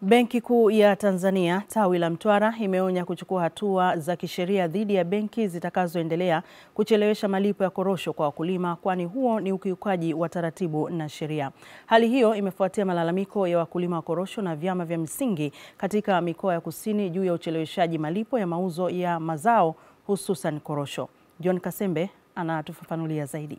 Benki Kuu ya Tanzania tawi la Mtwara imeonya kuchukua hatua za kisheria dhidi ya benki zitakazoendelea kuchelewesha malipo ya korosho kwa wakulima, kwani huo ni ukiukaji wa taratibu na sheria. Hali hiyo imefuatia malalamiko ya wakulima wa korosho na vyama vya misingi katika mikoa ya kusini juu ya ucheleweshaji malipo ya mauzo ya mazao hususan korosho. John Kasembe anatufafanulia zaidi.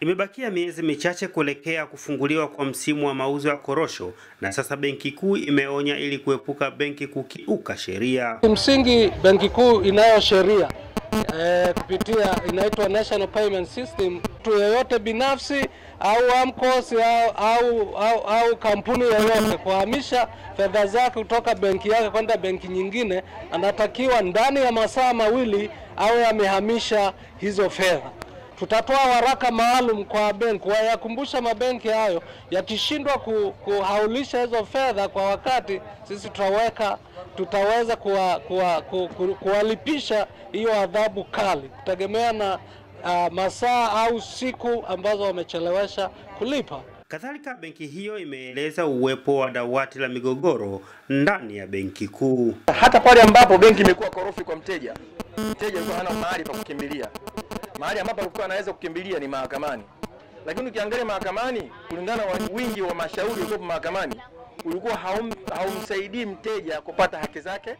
Imebakia miezi michache kuelekea kufunguliwa kwa msimu wa mauzo ya korosho na sasa Benki Kuu imeonya ili kuepuka benki kukiuka sheria. Kimsingi Benki Kuu inayo sheria e, kupitia inaitwa National Payment System. Mtu yeyote binafsi au amkosi au, au, au, au kampuni yoyote kuhamisha fedha zake kutoka benki yake kwenda benki nyingine, anatakiwa ndani ya masaa mawili awe amehamisha hizo fedha tutatoa waraka maalum kwa benki wayakumbusha mabenki hayo yakishindwa kuhaulisha hizo fedha kwa wakati, sisi tutaweka tutaweza kuwalipisha kuwa, kuwa, kuwa hiyo adhabu kali kutegemea na uh, masaa au siku ambazo wamechelewesha kulipa. Kadhalika, benki hiyo imeeleza uwepo wa dawati la migogoro ndani ya benki kuu, hata pale ambapo benki imekuwa korofi kwa mteja Mteja alikuwa hana mahali pa kukimbilia. Mahali ambapo alikuwa anaweza kukimbilia ni mahakamani, lakini ukiangalia mahakamani, kulingana na wingi wa mashauri yaliyopo mahakamani, ulikuwa haum, haumsaidii mteja kupata haki zake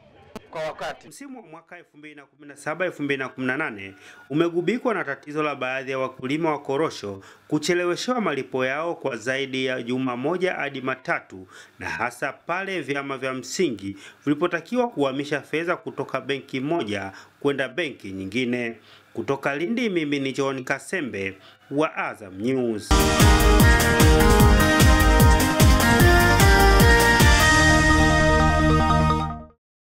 kwa wakati. Msimu wa mwaka 2017 2018 umegubikwa na tatizo la baadhi ya wakulima wa korosho kucheleweshewa malipo yao kwa zaidi ya juma moja hadi matatu, na hasa pale vyama vya msingi vilipotakiwa kuhamisha fedha kutoka benki moja kwenda benki nyingine. Kutoka Lindi, mimi ni John Kasembe wa Azam News.